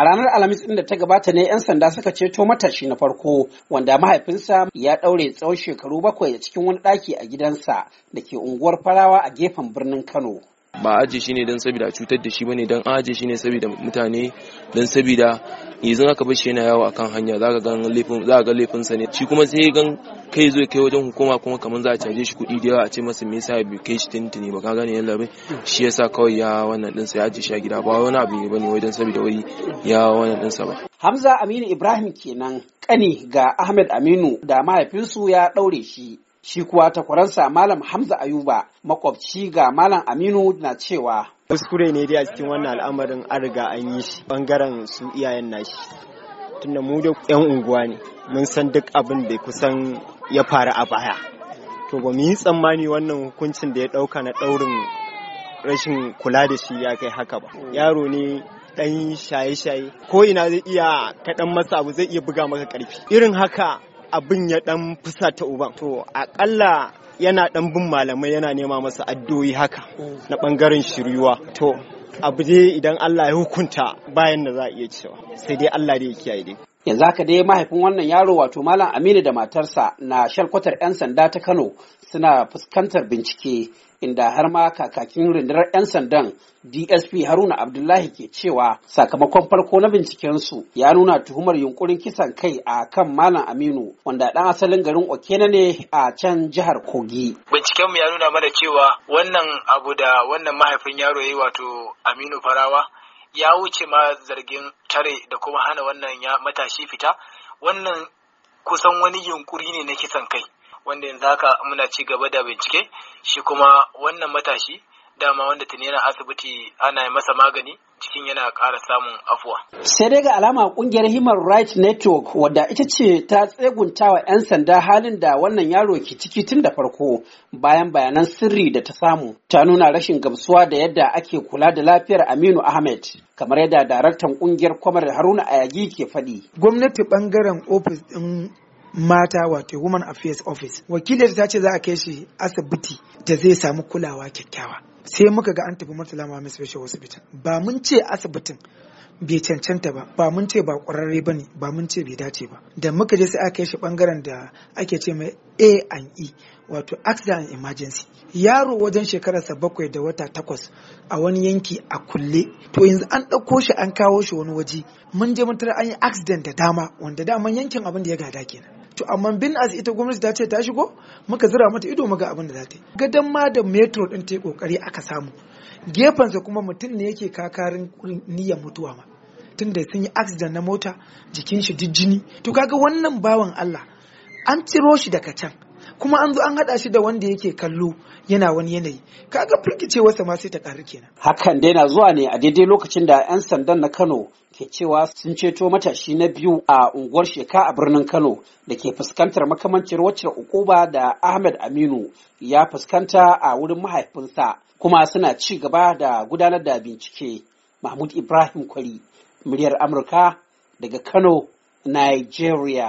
A ranar Alhamis ɗin da ta gabata ne 'yan sanda suka ceto matashi na farko wanda mahaifinsa ya ɗaure tsawon shekaru bakwai a cikin wani ɗaki a gidansa da ke unguwar Farawa a gefen birnin Kano. Ba aje shi ne don sabida a cutar da shi bane don aje shi ne sabida mutane don sabida yanzu aka bar shi yana yawo akan hanya za ga laifinsa ne shi kuma sai gan kai zai kai wajen hukuma kuma kamar za a caje shi kuɗi da yawa a ce masa me yasa bai kai shi tintini ba ka gane yallabe shi yasa kawai ya wannan ɗinsa ya ji shi a gida ba wani abu ne bane wai saboda wai ya wannan ɗinsa ba Hamza Aminu Ibrahim kenan kani ga Ahmed Aminu da mahaifinsu ya ɗaure shi shi kuwa takwaransa malam hamza ayuba makwabci ga malam aminu na cewa kuskure ne dai a cikin wannan al'amarin an riga an yi shi bangaren su iyayen nashi tunda mu da yan unguwa ne mun san duk abin da kusan ya fara a baya to ba mu yi tsammani wannan hukuncin da ya ɗauka na ɗaurin rashin kula da shi ya kai haka ba yaro ne dan shaye-shaye ko ina zai iya kaɗan masa abu zai iya buga maka ƙarfi irin haka abin ya ɗan fusata uban to aƙalla yana ɗan bin malamai yana nema masa addoyi haka na ɓangaren shiryuwa to abu dai idan Allah ya hukunta bayan da za a iya cewa sai dai Allah da ya kiyaye dai yanzu haka dai mahaifin wannan yaro wato malam aminu da matarsa na shalkwatar 'yan sanda ta kano suna fuskantar bincike inda har ma kakakin rundunar 'yan sandan dsp haruna abdullahi ke cewa sakamakon farko na bincikensu ya nuna tuhumar yunkurin kisan kai a kan malam aminu wanda dan asalin garin okena ne a can jihar kogi mu ya nuna mana cewa wannan abu da wannan mahaifin yaro ya yi wato aminu farawa ya wuce ma zargin tare da kuma hana wannan ya matashi fita wannan kusan wani yunkuri ne na kisan kai wanda yanzu haka muna ci gaba da bincike shi kuma wannan matashi dama wanda tuni yana asibiti ana masa magani cikin yana ƙara samun afuwa. Sai dai ga alama kungiyar Human Rights Network wadda ita ce ta tseguntawa 'yan sanda halin da wannan yaro ke ciki tun da farko bayan bayanan sirri da ta samu ta nuna rashin gamsuwa da yadda ake kula da lafiyar Aminu Ahmed kamar yadda daraktan kungiyar kwamar Haruna Ayagi ke faɗi. Gwamnati bangaren ofis ɗin mata wato Women Affairs Office wakilin ta ce za a kai shi asibiti da zai samu kulawa kyakkyawa. sai muka ga an tafi murtala mai special hospital ba mun ce asibitin bai cancanta ba ba mun ce ba ƙwararre ba ne ba mun ce bai dace ba da muka je sai aka yi shi bangaren da ake ce mai a and e wato accident and emergency yaro wajen shekararsa bakwai da wata takwas a wani yanki a kulle to yanzu an ɗauko shi an kawo shi wani waje mun je mun tara an yi accident da dama wanda daman yankin abin da ya gada kenan to amma bin as ita gwamnati ta ce ta shigo muka zira mata ido muga abin da za ta yi gadan ma da metro din ta yi kokari aka samu gefensa kuma mutum ne yake kakarin niyyar mutuwa ma tunda sun yi accident na mota jikin shi jijjini to kaga wannan bawan Allah an ciro shi daga can kuma an zo an haɗa shi da wanda yake kallo yana wani yanayi kaga wasa ma sai ta karu kenan hakan dai na zuwa ne a daidai lokacin da 'yan sandan na kano ke cewa sun ceto matashi na biyu a unguwar sheka a birnin kano da ke fuskantar makamancin wacce ukuba da ahmed aminu ya fuskanta a wurin mahaifinsa kuma suna ci gaba da gudanar da bincike mahmud ibrahim kwari muryar amurka daga kano nigeria